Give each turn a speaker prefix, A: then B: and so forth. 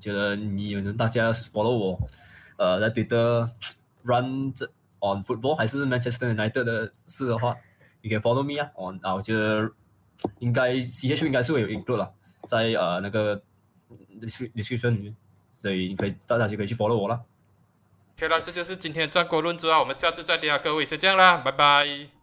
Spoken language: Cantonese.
A: 覺得你有人大家 follow 我，呃，在對的 run 這 on football 還是 Manchester United 的事的話，你可以 follow me 啊。哦那、啊、我覺得應該 CH 應該是會有 include 了在呃那個 discussion 裏面，所以你可以大家就可以去 follow 我了。
B: ok 了，這就是今天的戰國論足啦，我們下次再見，各位先這樣啦，拜拜。